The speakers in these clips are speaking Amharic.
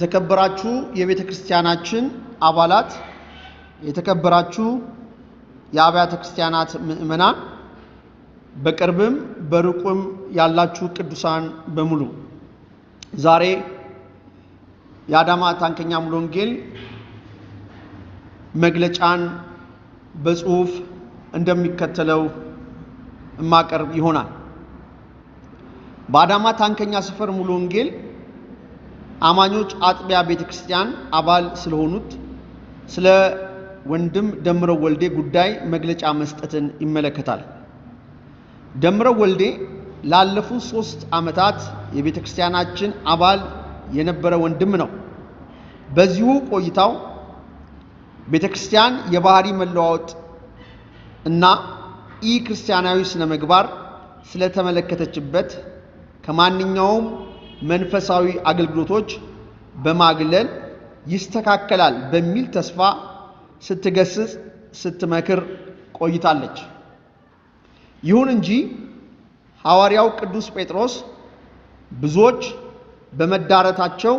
የተከበራችሁ የቤተ ክርስቲያናችን አባላት፣ የተከበራችሁ የአብያተ ክርስቲያናት ምእመናን በቅርብም በሩቁም ያላችሁ ቅዱሳን በሙሉ ዛሬ የአዳማ ታንከኛ ሙሉ ወንጌል መግለጫን በጽሁፍ እንደሚከተለው እማቀርብ ይሆናል። በአዳማ ታንከኛ ሰፈር ሙሉ ወንጌል አማኞች አጥቢያ ቤተ ክርስቲያን አባል ስለሆኑት ስለ ወንድም ደምረው ወልዴ ጉዳይ መግለጫ መስጠትን ይመለከታል። ደምረው ወልዴ ላለፉት ሶስት ዓመታት የቤተ ክርስቲያናችን አባል የነበረ ወንድም ነው። በዚሁ ቆይታው ቤተ ክርስቲያን የባህሪ መለዋወጥ እና ኢ ክርስቲያናዊ ስነ ምግባር ስለተመለከተችበት ከማንኛውም መንፈሳዊ አገልግሎቶች በማግለል ይስተካከላል በሚል ተስፋ ስትገስጽ ስትመክር ቆይታለች። ይሁን እንጂ ሐዋርያው ቅዱስ ጴጥሮስ ብዙዎች በመዳረታቸው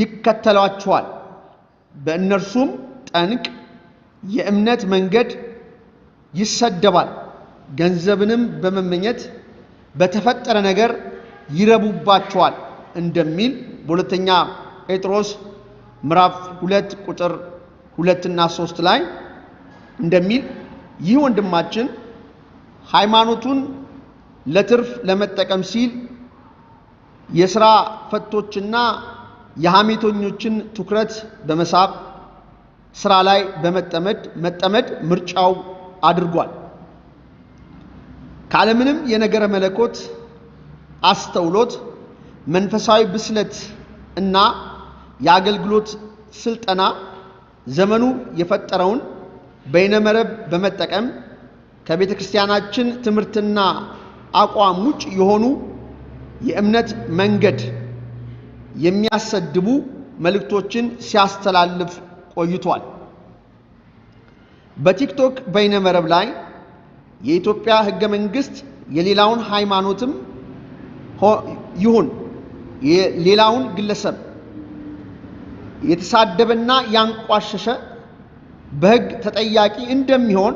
ይከተሏቸዋል፣ በእነርሱም ጠንቅ የእምነት መንገድ ይሰደባል፣ ገንዘብንም በመመኘት በተፈጠረ ነገር ይረቡባቸዋል እንደሚል በሁለተኛ ጴጥሮስ ምዕራፍ ሁለት ቁጥር ሁለትና ሶስት ላይ እንደሚል ይህ ወንድማችን ሃይማኖቱን ለትርፍ ለመጠቀም ሲል የሥራ ፈቶችና የሐሜተኞችን ትኩረት በመሳብ ስራ ላይ በመጠመድ መጠመድ ምርጫው አድርጓል። ካለምንም የነገረ መለኮት አስተውሎት መንፈሳዊ ብስለት እና የአገልግሎት ስልጠና ዘመኑ የፈጠረውን በይነመረብ በመጠቀም ከቤተ ክርስቲያናችን ትምህርትና አቋም ውጭ የሆኑ የእምነት መንገድ የሚያሰድቡ መልእክቶችን ሲያስተላልፍ ቆይቷል። በቲክቶክ በይነመረብ ላይ የኢትዮጵያ ሕገ መንግሥት የሌላውን ሃይማኖትም ይሁን ሌላውን ግለሰብ የተሳደበና ያንቋሸሸ በሕግ ተጠያቂ እንደሚሆን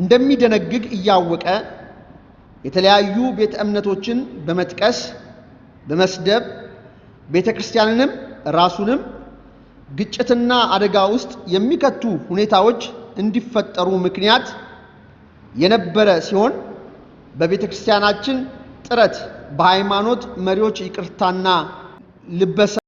እንደሚደነግግ እያወቀ የተለያዩ ቤተ እምነቶችን በመጥቀስ በመስደብ ቤተ ክርስቲያንንም ራሱንም ግጭትና አደጋ ውስጥ የሚከቱ ሁኔታዎች እንዲፈጠሩ ምክንያት የነበረ ሲሆን በቤተ ክርስቲያናችን ጥረት በሃይማኖት መሪዎች ይቅርታና ልበሳ